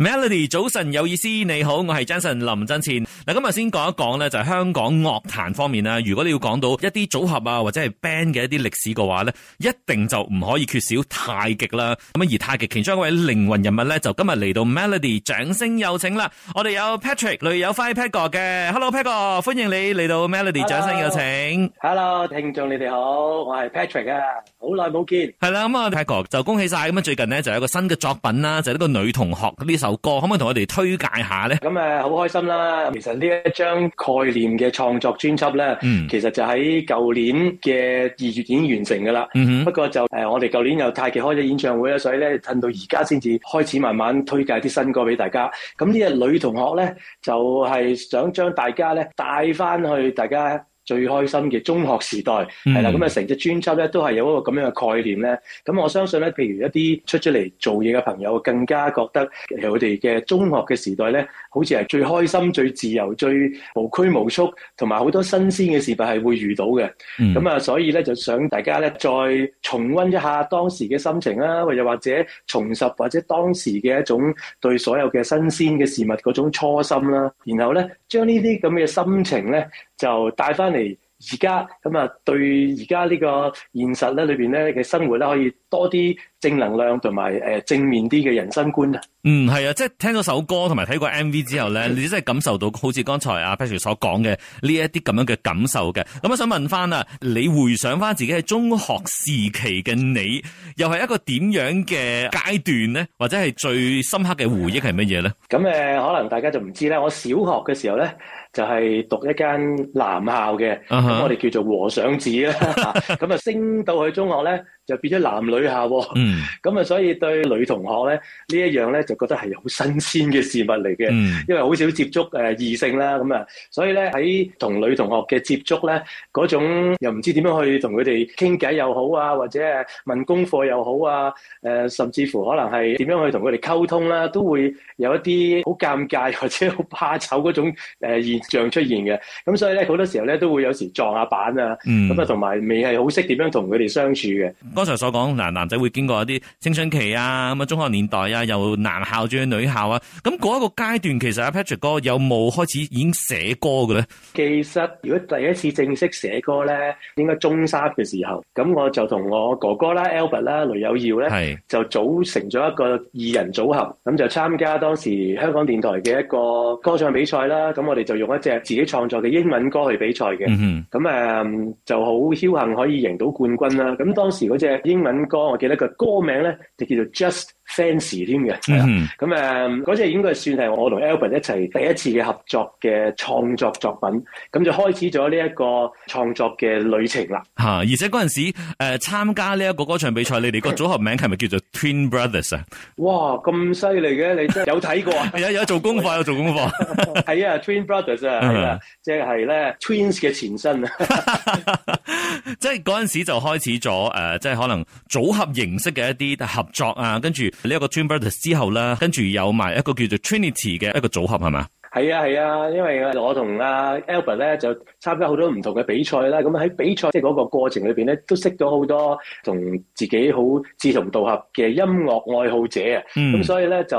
Melody，早晨有意思，你好，我係 Jason 林振倩。嗱，今日先講一講咧，就係、是、香港樂壇方面啦。如果你要講到一啲組合啊，或者係 band 嘅一啲歷史嘅話咧，一定就唔可以缺少太極啦。咁而太極其中一位靈魂人物咧，就今日嚟到 Melody，掌聲有請啦。我哋有 Patrick，雷有輝 Pat 哥嘅，Hello Pat 哥，歡迎你嚟到 Melody，掌聲有請。Hello, hello 聽眾你哋好，我係 Patrick 啊，好耐冇見。係啦，咁啊 Pat 哥就恭喜晒，咁啊最近呢，就有一個新嘅作品啦，就呢、是、個女同學呢首。首歌可唔可以同我哋推介下咧？咁、嗯、誒，好開心啦！其實呢一張概念嘅創作專輯咧，嗯，其實就喺舊年嘅二月已經完成噶啦。嗯哼，不過就誒、呃，我哋舊年又太極開咗演唱會啦，所以咧，趁到而家先至開始慢慢推介啲新歌俾大家。咁呢個女同學咧，就係、是、想將大家咧帶翻去大家。最開心嘅中學時代，係、嗯、啦，咁啊成隻專輯咧都係有一個咁樣嘅概念咧。咁我相信咧，譬如一啲出咗嚟做嘢嘅朋友，更加覺得我哋嘅中學嘅時代咧，好似係最開心、最自由、最無拘無束，同埋好多新鮮嘅事物係會遇到嘅。咁、嗯、啊、嗯，所以咧就想大家咧再重溫一下當時嘅心情啦，或者或者重拾或者當時嘅一種對所有嘅新鮮嘅事物嗰種初心啦，然後咧將呢啲咁嘅心情咧。就帶翻嚟而家咁啊，對而家呢個現實咧，裏邊咧嘅生活咧，可以多啲正能量同埋誒正面啲嘅人生觀啊，嗯，係啊，即係聽咗首歌同埋睇過 MV 之後咧、嗯，你真係感受到好似剛才阿 Patrick 所講嘅呢一啲咁樣嘅感受嘅。咁、嗯嗯、我想問翻啊，你回想翻自己喺中學時期嘅你，又係一個點樣嘅階段咧？或者係最深刻嘅回憶係乜嘢咧？咁、嗯、誒、嗯嗯，可能大家就唔知咧。我小學嘅時候咧，就係、是、讀一間男校嘅，咁、嗯、我哋叫做和尚寺啦。咁、嗯、啊、 嗯、升到去中學咧。就變咗男女校喎、哦嗯，咁啊，所以對女同學咧呢一樣咧就覺得係好新鮮嘅事物嚟嘅、嗯，因為好少接觸誒、呃、異性啦，咁啊，所以咧喺同女同學嘅接觸咧，嗰種又唔知點樣去同佢哋傾偈又好啊，或者問功課又好啊、呃，甚至乎可能係點樣去同佢哋溝通啦，都會有一啲好尷尬或者好怕醜嗰種誒、呃、現象出現嘅，咁所以咧好多時候咧都會有時撞下板啊，咁、嗯、啊，同、嗯、埋未係好識點樣同佢哋相處嘅。剛才所講嗱，男仔會經過一啲青春期啊，咁啊，中學年代啊，又男校轉去女校啊，咁嗰一個階段，其實阿 Patrick 哥有冇開始已經寫歌嘅咧？其實如果第一次正式寫歌咧，應該中三嘅時候，咁我就同我哥哥啦、Albert 啦、雷有曜咧，係就組成咗一個二人組合，咁就參加當時香港電台嘅一個歌唱比賽啦。咁我哋就用一隻自己創作嘅英文歌去比賽嘅，咁誒就好僥幸可以贏到冠軍啦。咁當時嗰隻。英文歌，我記得佢歌名咧就叫做 Just。fans 添嘅，咁誒嗰隻應該算係我同 Albert 一齊第一次嘅合作嘅創作作品，咁就開始咗呢一個創作嘅旅程啦。嚇！而且嗰陣時誒、呃、參加呢一個歌唱比賽，你哋個組合名係咪叫做 Twin Brothers 啊？哇！咁犀利嘅，你真係有睇過啊？ 有有做功課，有做功課。係 啊 ，Twin Brothers 啊，mm-hmm. 即係咧 Twins 嘅前身啊， 即係嗰陣時就開始咗誒、呃，即係可能組合形式嘅一啲合作啊，跟住。呢、這、一個 Twin Brothers 之後啦，跟住有埋一個叫做 Trinity 嘅一個組合係嘛？係啊係啊，因為我呢同阿 Albert 咧就參加好多唔同嘅比賽啦。咁喺比賽即係嗰個過程裏面咧，都識咗好多同自己好志同道合嘅音樂愛好者啊。咁、嗯、所以咧就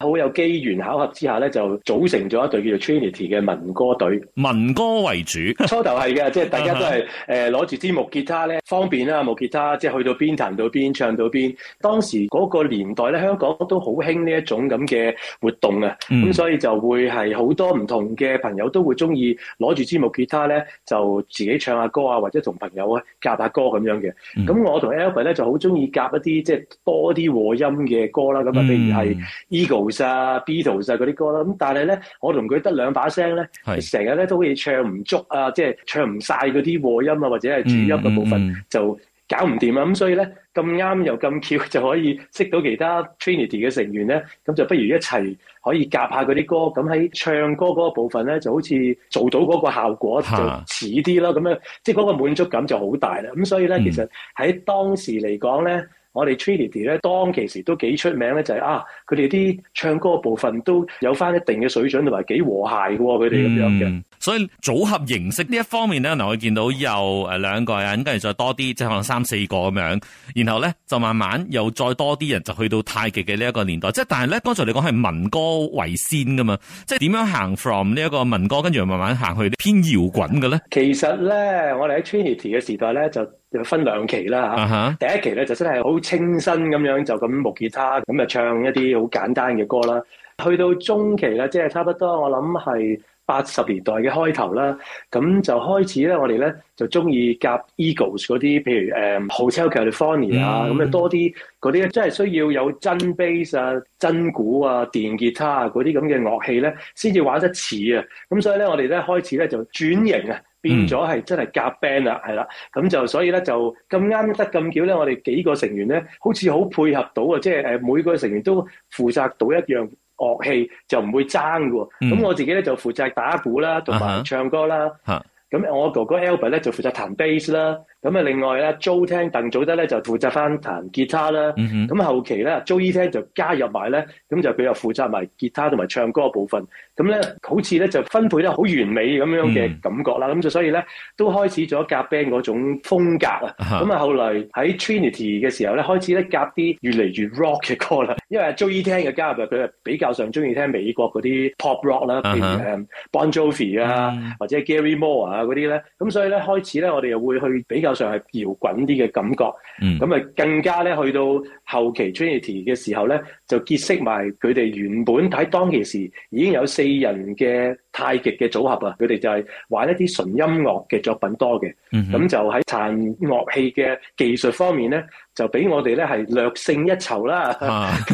好有機緣巧合之下咧，就組成咗一隊叫做 Trinity 嘅民歌隊，民歌為主。 初頭係嘅，即係大家都係誒攞住支木吉他咧，方便啦木吉他，即係去到邊彈到邊唱到邊。當時嗰個年代咧，香港都好興呢一種咁嘅活動啊。咁、嗯、所以就會係係好多唔同嘅朋友都會中意攞住支木吉他咧，就自己唱下歌啊，或者同朋友咧夾下歌咁樣嘅。咁、嗯、我同 Albert 咧就好中意夾一啲即係多啲和音嘅歌啦。咁啊，譬如係 Eagles 啊、嗯、Beatles 啊嗰啲歌啦。咁但係咧，我同佢得兩把聲咧，成日咧都可以唱唔足啊，即、就、係、是、唱唔晒嗰啲和音啊，或者係主音嘅部分就搞唔掂啊。咁、嗯嗯、所以咧咁啱又咁巧就可以識到其他 Trinity 嘅成員咧，咁就不如一齊，可以夾下嗰啲歌，咁喺唱歌嗰個部分咧，就好似做到嗰個效果就似啲啦，咁、啊、樣，即係嗰個滿足感就好大啦。咁所以咧，其實喺當時嚟講咧。嗯我哋 Trinity 咧，當其時都幾出名咧，就係、是、啊，佢哋啲唱歌部分都有翻一定嘅水準，同埋幾和諧嘅喎，佢哋咁樣嘅。所以組合形式呢一方面咧，嗱我見到有誒兩個人，跟住再多啲，即係可能三四個咁樣。然後咧就慢慢又再多啲人，就去到太極嘅呢一個年代。即係但係咧，剛才你講係民歌為先㗎嘛，即係點樣行 from 呢一個民歌，跟住慢慢行去啲偏搖滾嘅咧？其實咧，我哋喺 Trinity 嘅時代咧就。就分兩期啦、uh-huh. 第一期咧就真係好清新咁樣，就咁木吉他咁就唱一啲好簡單嘅歌啦。去到中期咧，即係差不多，我諗係八十年代嘅開頭啦。咁就開始咧，我哋咧就中意夾 Eagles 嗰啲，譬如誒、呃、Hotel California 啊，咁、mm-hmm. 啊多啲嗰啲，即係需要有真 bass 啊、真鼓啊、電吉他啊嗰啲咁嘅樂器咧，先至玩得似啊。咁所以咧，我哋咧開始咧就轉型啊。變咗係真係夾 band 啦，係、嗯、啦，咁就所以咧就咁啱得咁巧咧，我哋幾個成員咧好似好配合到啊，即係誒每個成員都負責到一樣樂器，就唔會爭㗎喎。咁、嗯、我自己咧就負責打鼓啦，同埋唱歌啦。咁、啊、我哥哥 Albert 咧就負責彈 bass 啦。咁啊，另外咧，Joey 聽鄧祖德咧就負責翻彈吉他啦。咁、mm-hmm. 後期咧，Joey、Teng、就加入埋咧，咁就佢又負責埋吉他同埋唱歌嘅部分。咁咧，好似咧就分配得好完美咁樣嘅感覺啦。咁、mm-hmm. 就所以咧都開始咗夾 band 嗰種風格啊。咁啊，後來喺 Trinity 嘅時候咧，開始咧夾啲越嚟越 rock 嘅歌啦。因為 Joey 聽嘅加入嚟，佢啊比較上中意聽美國嗰啲 pop rock 啦，譬、uh-huh. 如誒、um, Bon Jovi 啊，uh-huh. 或者 Gary Moore 啊嗰啲咧。咁所以咧開始咧，我哋又會去比較。加上係搖滾啲嘅感覺。嗯，咁啊更加咧，去到後期 Trinity 嘅時候咧，就結識埋佢哋原本喺當其時已經有四人嘅太極嘅組合啊！佢哋就係玩一啲純音樂嘅作品多嘅，咁、嗯、就喺彈樂器嘅技術方面咧，就比我哋咧係略勝一籌啦。咁、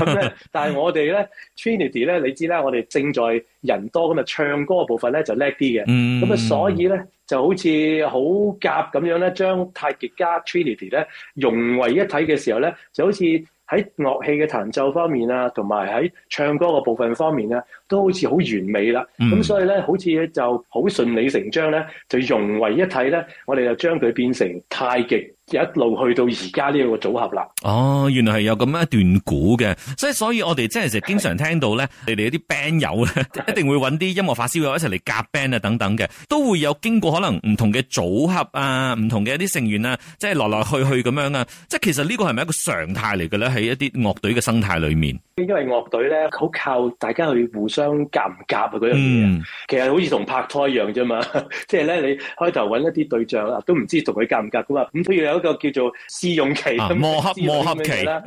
啊、咧， 但係我哋咧 Trinity 咧，你知啦，我哋正在人多，咁啊唱歌嘅部分咧就叻啲嘅，咁、嗯、啊所以咧就好似好夾咁樣咧，將太極加 Trinity 咧用。融為一體嘅時候咧，就好似喺樂器嘅彈奏方面啊，同埋喺唱歌嘅部分方面咧，都好似好完美啦。咁所以咧，好似就好順理成章咧，就融為一體咧，我哋就將佢變成太極。一路去到而家呢個組合啦，哦，原來係有咁樣一段古嘅，所以所以我哋即係真係經常聽到咧，你哋啲 band 友咧， 一定會揾啲音樂發燒友一齊嚟夾 band 啊，等等嘅，都會有經過可能唔同嘅組合啊，唔同嘅一啲成員啊，即係來來去去咁樣啊，即係其實呢個係咪一個常態嚟嘅咧？喺一啲樂隊嘅生態裏面。因為樂隊咧，好靠大家去互相夾唔夾啊，嗰樣嘢。其實好似同拍拖一樣啫嘛，即係咧，你開頭揾一啲對象啊，都唔知同佢夾唔夾噶嘛，咁都要有一個叫做試用期咁，磨合磨合期啦，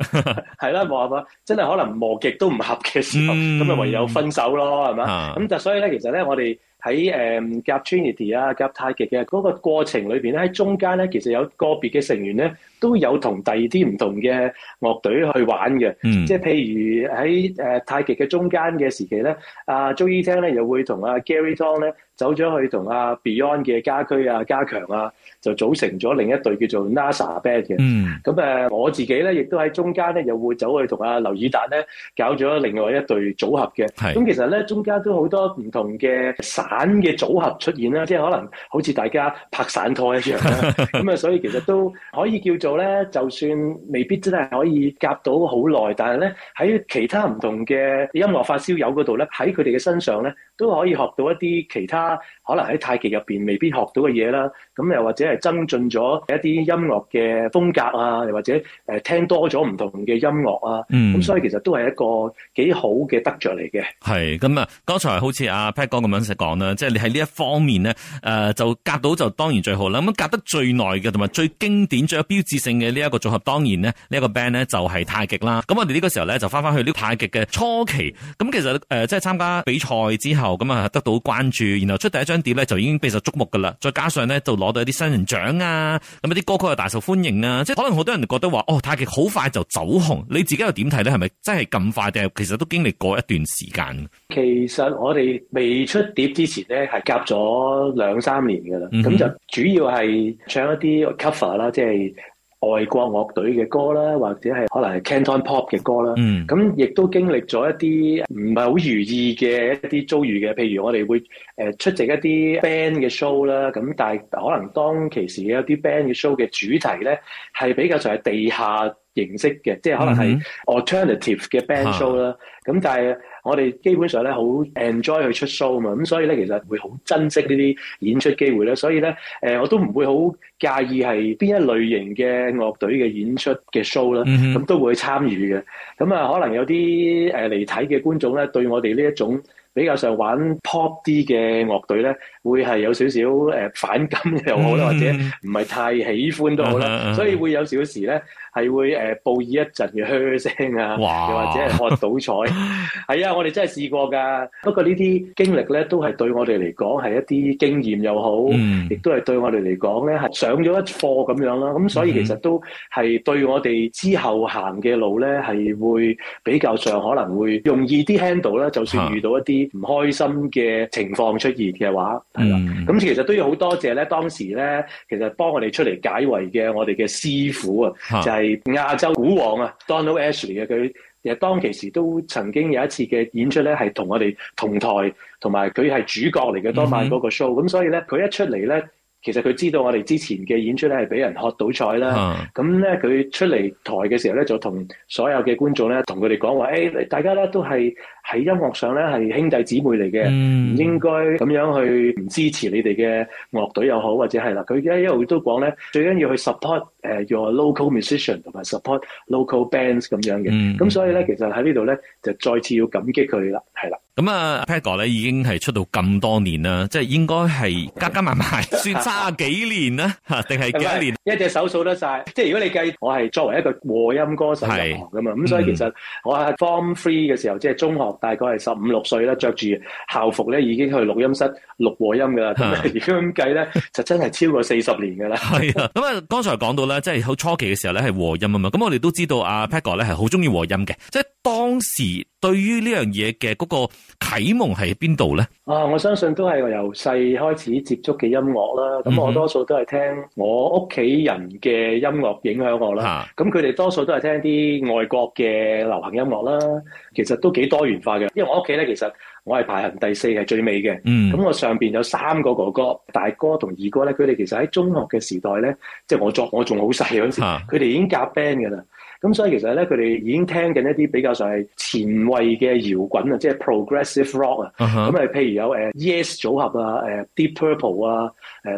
係、啊、啦 磨合啊，真係可能磨極都唔合嘅時候，咁、嗯、啊唯有分手咯係嘛，咁就、啊嗯、所以咧，其實咧我哋。喺誒夾 Trinity 啊，夾太極嘅嗰個過程裏邊咧，喺中間咧，其實有個別嘅成員咧，都有同第二啲唔同嘅樂隊去玩嘅，即、嗯、係譬如喺誒太極嘅中間嘅時期咧，阿 Joey Tang 咧又會同阿 Gary Tong 咧。走咗去同阿 Beyond 嘅家駒啊、家強啊，就組成咗另一隊叫做 NASA Band 嘅。咁、嗯、誒，我自己咧，亦都喺中間咧，又會走去同阿劉爾達咧搞咗另外一隊組合嘅。咁其實咧，中間都好多唔同嘅散嘅組合出現啦，即係可能好似大家拍散拖一樣啦。咁啊，所以其實都可以叫做咧，就算未必真係可以夾到好耐，但係咧喺其他唔同嘅音樂發燒友嗰度咧，喺佢哋嘅身上咧，都可以學到一啲其他。可能喺太極入邊未必學到嘅嘢啦，咁又或者係增進咗一啲音樂嘅風格啊，又或者誒聽多咗唔同嘅音樂啊，咁、嗯、所以其實都係一個幾好嘅得着嚟嘅。係，咁啊，剛才好似阿 Pat 哥咁樣識講啦，即係你喺呢一方面咧，誒、呃、就夾到就當然最好啦。咁夾得最耐嘅同埋最經典、最有標誌性嘅呢一個組合，當然咧呢一、這個 band 咧就係太極啦。咁我哋呢個時候咧就翻返去呢個太極嘅初期。咁其實誒即係參加比賽之後咁啊得到關注，然後出第一張碟咧就已經備受矚目噶啦，再加上咧就攞到一啲新人獎啊，咁一啲歌曲又大受歡迎啊，即係可能好多人覺得話哦，太極好快就走紅，你自己又點睇咧？係咪真係咁快定係其實都經歷過一段時間？其實我哋未出碟之前咧係夾咗兩三年噶啦，咁、嗯、就主要係唱一啲 cover 啦，即係。外國樂隊嘅歌啦，或者係可能係 Canton Pop 嘅歌啦，咁、mm-hmm. 亦都經歷咗一啲唔係好如意嘅一啲遭遇嘅，譬如我哋會出席一啲 band 嘅 show 啦，咁但係可能當其時有啲 band 嘅 show 嘅主題咧，係比較上係地下形式嘅，即係可能係 alternative 嘅 band、mm-hmm. show 啦，咁但係。我哋基本上咧好 enjoy 去出 show 嘛，咁所以咧其實會好珍惜呢啲演出機會咧，所以咧、呃、我都唔會好介意係邊一類型嘅樂隊嘅演出嘅 show 啦，咁、mm-hmm. 都會去參與嘅。咁、嗯、啊，可能有啲呃、嚟睇嘅觀眾咧，對我哋呢一種比較上玩 pop 啲嘅樂隊咧，會係有少少、呃、反感又好啦，mm-hmm. 或者唔係太喜歡都好啦，uh-huh. 所以會有少時咧。係會誒、呃、報以一陣嘅噓聲啊，又或者係喝倒彩，係 啊，我哋真係試過噶。不過這些呢啲經歷咧，都係對我哋嚟講係一啲經驗又好，亦、嗯、都係對我哋嚟講咧係上咗一課咁樣啦。咁所以其實都係對我哋之後行嘅路咧，係會比較上可能會容易啲 handle 啦。就算遇到一啲唔開心嘅情況出現嘅話，係、嗯、啦，咁其實都要好多謝咧當時咧，其實幫我哋出嚟解圍嘅我哋嘅師傅啊，就係、是。係亞洲古王啊，Donald Ashley 啊，佢其實當其時都曾經有一次嘅演出咧，係同我哋同台，同埋佢係主角嚟嘅。當晚嗰個 show，咁、mm-hmm. 所以咧，佢一出嚟咧，其實佢知道我哋之前嘅演出咧係俾人喝到彩啦。咁、uh-huh. 咧，佢出嚟台嘅時候咧，就同所有嘅觀眾咧，同佢哋講話：誒、欸、大家咧都係喺音樂上咧係兄弟姊妹嚟嘅，唔、mm-hmm. 應該咁樣去唔支持你哋嘅樂隊又好，或者係啦。佢一一路都講咧，最緊要去 support。誒、uh,，your local musician 同埋 support local bands 咁樣嘅，咁、嗯、所以咧、嗯，其實喺呢度咧，就再次要感激佢啦，係啦。咁、嗯、啊，Pat 哥咧已經係出道咁多年啦，即係應該係加 加埋埋算卅幾年啦，定係幾多年， 係咪？一隻手數得晒。即係如果你計我係作為一個和音歌手入行嘅嘛，咁所、嗯、所以其實我係 form three 嘅時候，即、就、係、是、中學，大概係十五六歲啦，歲着住校服咧已經去錄音室錄和音噶啦。如果咁計咧，就真係超過四十年噶啦。 係啊，咁啊，剛才講到。即係好初期嘅時候咧，係和音啊嘛，咁我哋都知道阿 Patrick 咧係好中意和音嘅，即係當時對於呢樣嘢嘅嗰個啟蒙喺邊度咧？啊，我相信都係由細開始接觸嘅音樂啦，咁我多數都係聽我屋企人嘅音樂影響我啦，咁佢哋多數都係聽啲外國嘅流行音樂啦，其實都幾多元化嘅，因為我屋企咧其實。我係排行第四，係最尾嘅。咁、嗯、我上面有三個哥哥，大哥同二哥咧，佢哋其實喺中學嘅時代咧，即係我作我仲好細嗰陣時，佢、啊、哋已經夾 band 㗎喇。咁所以其實咧，佢哋已經聽緊一啲比較上係前衛嘅搖滾啊，即係 progressive rock 啊。咁誒，譬如有誒 Yes 組合啊、Deep Purple 啊、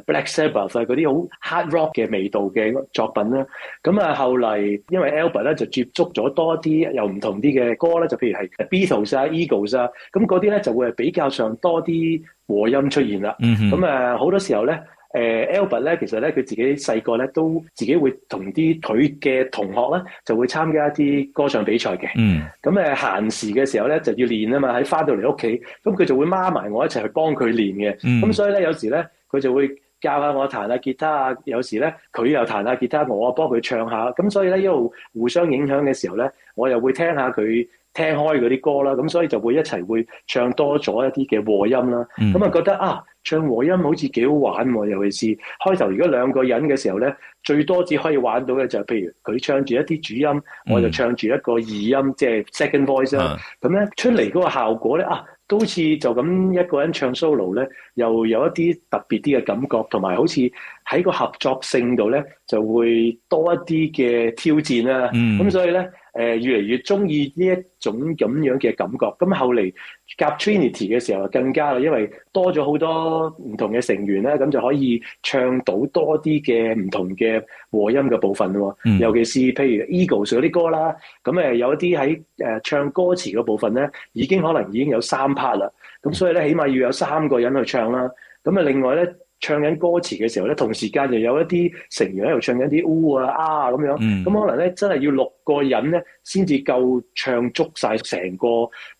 Black Sabbath 啊嗰啲好 hard rock 嘅味道嘅作品啦。咁啊，後嚟因為 Albert 咧就接觸咗多啲又唔同啲嘅歌咧，就譬如係 Beatles 啊、Eagles 啊，咁嗰啲咧就會係比較上多啲和音出現啦。咁誒，好多時候咧。誒 Albert 咧，其實咧，佢自己細個咧都自己會同啲佢嘅同學咧，就會參加一啲歌唱比賽嘅、mm. 嗯。嗯，咁誒閒時嘅時候咧就要練啊嘛，喺翻到嚟屋企，咁佢就會孖埋我一齊去幫佢練嘅。咁所以咧，有時咧佢就會。教下我彈下吉他啊！有時咧，佢又彈下吉他，我幫佢唱下。咁所以咧，一路互相影響嘅時候咧，我又會聽下佢聽開嗰啲歌啦。咁所以就會一齊會唱多咗一啲嘅和音啦。咁就覺得啊，唱和音好似幾好玩喎！尤其是開頭如果兩個人嘅時候咧，最多只可以玩到嘅就係譬如佢唱住一啲主音，我就唱住一個二音，即、嗯、係、就是、second voice 啦。咁咧出嚟嗰個效果咧啊！都好似就咁一個人唱 solo 咧，又有一啲特別啲嘅感覺，同埋好似喺個合作性度咧就會多一啲嘅挑戰啦、啊。咁、嗯、所以咧。誒、呃、越嚟越中意呢一種咁樣嘅感覺，咁後嚟夾 Trinity 嘅時候更加啦，因為多咗好多唔同嘅成員呢，咁就可以唱到多啲嘅唔同嘅和音嘅部分喎、嗯。尤其是譬如 Eagles 嗰啲歌啦，咁有一啲喺唱歌詞嘅部分咧，已經可能已經有三 part 啦。咁所以咧，起碼要有三個人去唱啦。咁啊，另外咧。唱緊歌詞嘅時候咧，同時間就有一啲成員喺度唱緊啲 U 啊、啊咁樣，咁、嗯、可能咧真係要六個人咧先至夠唱足晒成個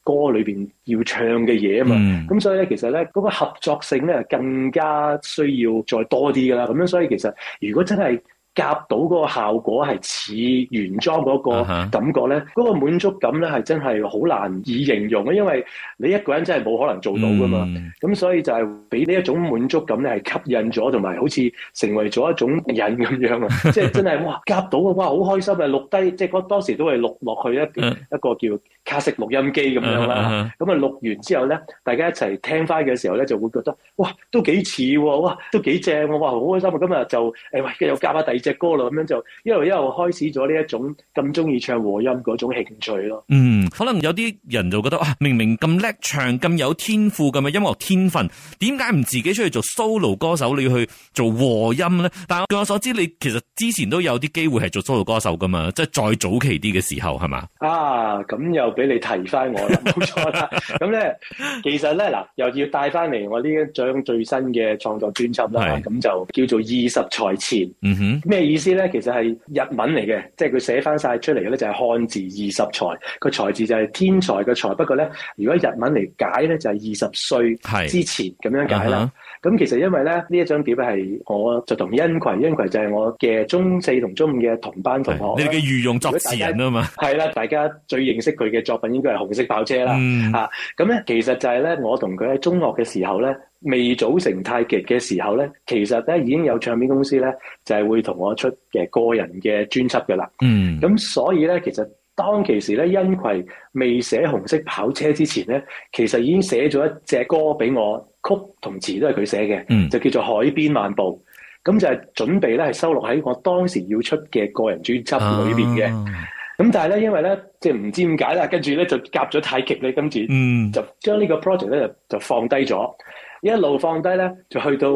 歌裏面要唱嘅嘢啊嘛，咁、嗯嗯、所以咧其實咧嗰個合作性咧更加需要再多啲噶啦，咁樣所以其實如果真係。夾到嗰個效果係似原裝嗰個感覺咧，嗰、uh-huh. 個滿足感咧係真係好難以形容啊！因為你一個人真係冇可能做到噶嘛，咁、mm-hmm. 所以就係俾呢一種滿足感咧係吸引咗，同埋好似成為咗一種癮咁樣啊！ 即係真係哇，夾到嘅哇，好開心啊！錄低即係嗰當時都係錄落去一個、uh-huh. 一個叫卡式錄音機咁樣啦，咁、uh-huh. 啊錄完之後咧，大家一齊聽翻嘅時候咧就會覺得哇都幾似喎，哇都幾正喎，哇好開心啊！今日就誒喂、哎、又夾下第。隻歌啦，咁樣就，一路一路開始咗呢一種咁中意唱和音嗰種興趣咯。嗯，可能有啲人就覺得，哇、啊，明明咁叻唱，咁有天賦咁嘅音樂天分，點解唔自己出去做 solo 歌手，你要去做和音咧？但係據我所知，你其實之前都有啲機會係做 solo 歌手噶嘛，即係再早期啲嘅時候係嘛？啊，咁又俾你提翻我啦，冇 錯啦。咁咧，其實咧嗱，又要帶翻嚟我呢一張最新嘅創作專輯啦，咁、啊、就叫做二十載前。嗯哼。咩意思咧？其實係日文嚟嘅，即係佢寫翻晒出嚟嘅咧，就係漢字二十才，個才字就係天才嘅才。不過咧，如果日文嚟解咧，就係二十歲之前咁樣解啦。咁其實因為咧，呢一張碟係我就同因葵，因葵就係我嘅中四同中五嘅同班同學。你哋嘅御用作詞人啊嘛，係啦， 大家最認識佢嘅作品應該係紅色跑車啦。咁、嗯、咧、啊、其實就係咧，我同佢喺中學嘅時候咧，未組成太極嘅時候咧，其實咧已經有唱片公司咧，就係會同我出嘅個人嘅專輯㗎啦。嗯，咁所以咧，其實當其時咧，因葵未寫紅色跑車之前咧，其實已經寫咗一隻歌俾我。曲同詞都係佢寫嘅，就叫做《海邊漫步》。咁、嗯、就係準備咧，係收錄喺我當時要出嘅個人專輯裏邊嘅。咁、啊、但係咧，因為咧，即係唔知點解啦，跟住咧就夾咗太極咧，今次就將呢個 project 咧就就放低咗，嗯，一路放低咧，就去到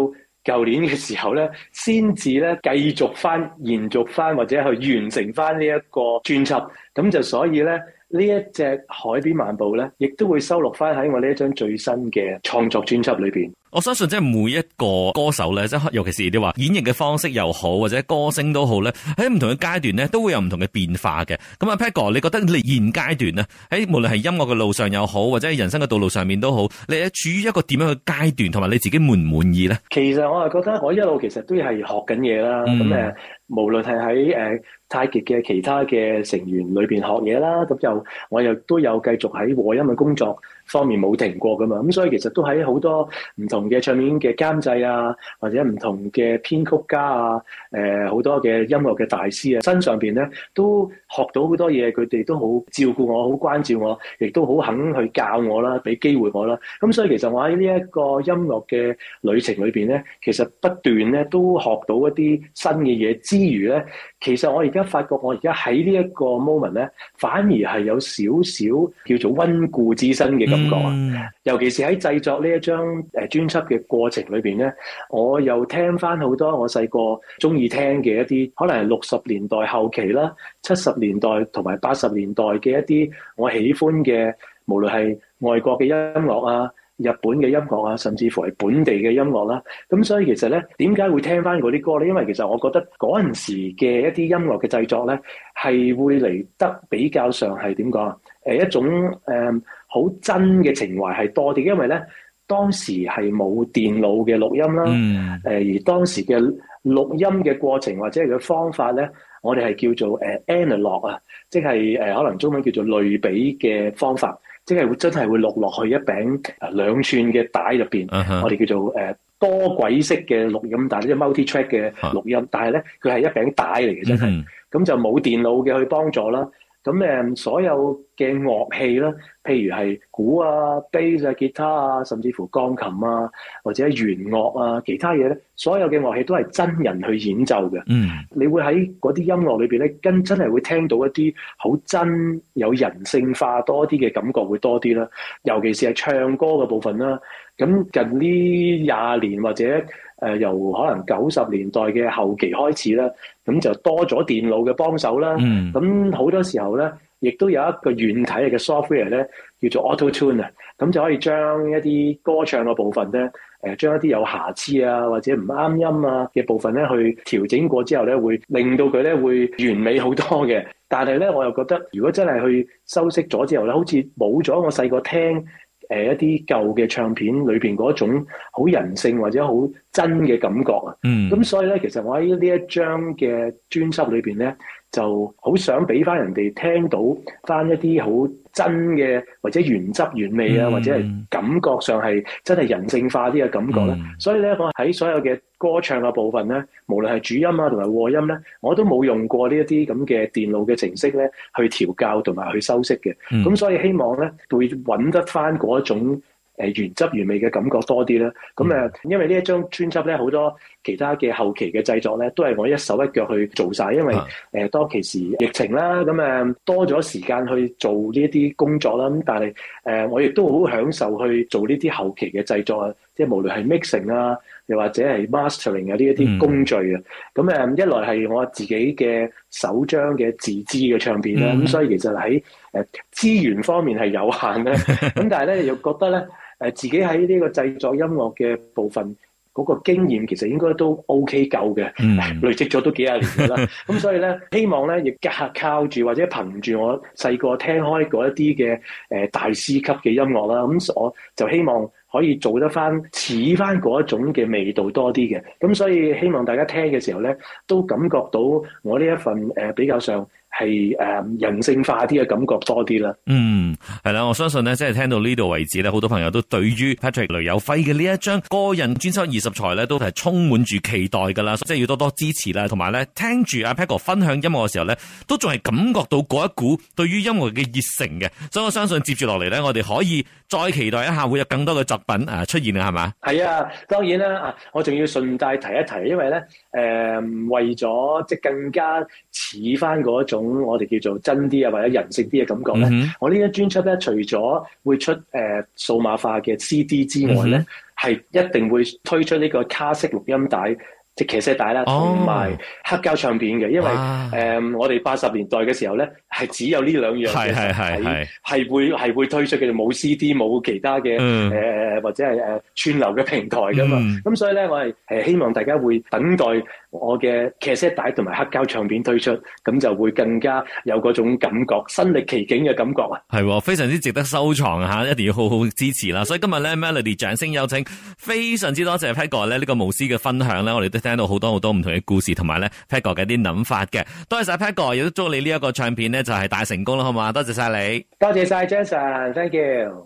舊年嘅時候咧，先至咧繼續翻、延續翻或者去完成翻呢一個專輯。咁就所以咧。呢一隻海邊漫步咧，亦都會收錄翻喺我呢一張最新嘅創作專輯裏邊。我相信即係每一個歌手咧，即係尤其是你話演繹嘅方式又好，或者歌聲都好咧，喺唔同嘅階段咧都會有唔同嘅變化嘅。咁啊，Patrick，你覺得你現階段咧喺無論係音樂嘅路上又好，或者人生嘅道路上面都好，你喺處於一個點樣嘅階段，同埋你自己滿唔滿意咧？其實我係覺得我一路其實都係學緊嘢啦。咁誒，無論係喺誒太極嘅其他嘅成員裏邊學嘢啦，咁就我又都有繼續喺和音嘅工作方面冇停過，噶嘛，咁所以其實都喺好多唔同嘅唱片嘅監製啊，或者唔同嘅編曲家啊，誒、呃、好多嘅音樂嘅大師啊身上邊咧，都學到好多嘢，佢哋都好照顧我，好關照我，亦都好肯去教我啦，俾機會我啦。咁所以其實我喺呢一個音樂嘅旅程裏邊咧，其實不斷咧都學到一啲新嘅嘢之餘咧，其實我而家發覺我而家喺呢一個 moment 咧，反而係有少少叫做溫故知新嘅。嗯，尤其是喺製作呢一張誒專輯嘅過程裏邊咧，我又聽翻好多我細個中意聽嘅一啲，可能係六十年代後期啦、七十年代同埋八十年代嘅一啲我喜歡嘅，無論係外國嘅音樂啊、日本嘅音樂啊，甚至乎係本地嘅音樂啦。咁所以其實咧，點解會聽翻嗰啲歌咧？因為其實我覺得嗰陣時嘅一啲音樂嘅製作咧，係會嚟得比較上係點講啊？係一種誒好、嗯、真嘅情懷係多啲，因為咧當時係冇電腦嘅錄音啦。誒、嗯、而當時嘅錄音嘅過程或者佢嘅方法咧，我哋係叫做誒、呃、Analog 啊，即係誒、呃、可能中文叫做類比嘅方法，即係會真係會錄落去一柄兩吋嘅帶入邊。Uh-huh. 我哋叫做誒、呃、多軌式嘅錄音，但係即係 multi-track 嘅錄音，uh-huh. 但係咧佢係一柄帶嚟嘅，真係咁就冇電腦嘅去幫助啦。咁誒，所有嘅樂器啦，譬如係鼓啊、bass 啊、吉他啊，甚至乎鋼琴啊，或者弦樂啊，其他嘢咧，所有嘅樂器都係真人去演奏嘅。嗯，你會喺嗰啲音樂裏邊咧，跟真係會聽到一啲好真有人性化多啲嘅感覺，會多啲啦。尤其是係唱歌嘅部分啦。咁近呢廿年或者～誒、呃、由可能九十年代嘅後期開始啦，咁就多咗電腦嘅幫手啦。咁、嗯、好多時候咧，亦都有一個軟體嘅 software 咧，叫做 Auto Tune 啊，咁就可以將一啲歌唱嘅部分咧、呃，將一啲有瑕疵啊或者唔啱音啊嘅部分咧，去調整過之後咧，會令到佢咧會完美好多嘅。但係咧，我又覺得如果真係去修飾咗之後咧，好似冇咗我細個聽誒一啲舊嘅唱片裏面嗰種好人性或者好真嘅感覺啊，嗯，咁所以咧，其實我喺呢一張嘅專輯裏面咧，就好想俾翻人哋聽到翻一啲好真嘅或者原汁原味啊、嗯，或者係感覺上係真係人性化啲嘅感覺咧、嗯。所以咧，我喺所有嘅歌唱嘅部分咧，無論係主音啊同埋和音咧，我都冇用過呢一啲咁嘅電腦嘅程式咧去調教同埋去修飾嘅。咁、嗯、所以希望咧，會揾得翻嗰一種。誒原汁原味嘅感覺多啲啦，咁誒、啊，因為呢一張專輯咧，好多其他嘅後期嘅製作咧，都係我一手一腳去做晒，因為誒、啊呃、當其時疫情啦，咁誒、啊、多咗時間去做呢一啲工作啦，咁但係誒、呃、我亦都好享受去做呢啲後期嘅製作啊，即係無論係 mixing 啊，又或者係 mastering 啊呢一啲工序、嗯、啊，咁誒一來係我自己嘅首張嘅自資嘅唱片啦，咁、嗯、所以其實喺誒、呃、資源方面係有限咧，咁但係咧又覺得咧。誒、呃、自己喺呢個製作音樂嘅部分嗰、那個經驗，其實應該都 OK 夠嘅，mm. 累積咗都幾廿年啦。咁 所以咧，希望咧亦夾靠住或者憑住我細個聽開嗰一啲嘅誒大師級嘅音樂啦、啊。咁我就希望可以做得翻似翻嗰一種嘅味道多啲嘅。咁所以希望大家聽嘅時候咧，都感覺到我呢一份誒、呃、比較上。係誒、呃、人性化啲嘅感覺多啲啦。嗯，係啦，我相信咧，即係聽到呢度為止咧，好多朋友都對於 Patrick 雷有輝嘅呢一張個人專輯二十才咧，都係充滿住期待噶啦。即係要多多支持啦，同埋咧，聽住阿 Patrick 分享音樂嘅時候咧，都仲係感覺到嗰一股對於音樂嘅熱誠嘅。所以我相信接住落嚟咧，我哋可以再期待一下，會有更多嘅作品啊出現啊，係嘛？係啊，當然啦，我仲要順帶提一提，因為咧誒、呃、為咗即係更加似翻嗰種。咁我哋叫做真啲啊，或者人性啲嘅感覺咧、嗯，我一呢一專輯咧，除咗會出誒、呃、數碼化嘅 CD 之外咧，係、嗯、一定會推出呢個卡式錄音帶。即係騎車帶啦，同埋黑膠唱片嘅，oh, 因為誒、啊呃、我哋八十年代嘅時候咧，係只有呢兩樣嘅實體，係會係會推出嘅，做冇 CD 冇其他嘅誒誒或者係誒串流嘅平台噶嘛。咁、嗯、所以咧，我係誒、呃、希望大家會等待我嘅騎車帶同埋黑膠唱片推出，咁就會更加有嗰種感覺，身歷其境嘅感覺啊！係非常之值得收藏嚇，一定要好好支持啦。所以今日咧 ，Melody 掌聲有請，非常之多謝批哥咧呢、這個牧師嘅分享咧，我哋都～聽到好多好多唔同嘅故事，同埋咧 Patrick 嘅啲諗法嘅，多謝晒 Patrick 亦都祝你呢一個唱片咧就係大成功啦，好嘛？多謝晒你，多謝晒 Jason，Thank you。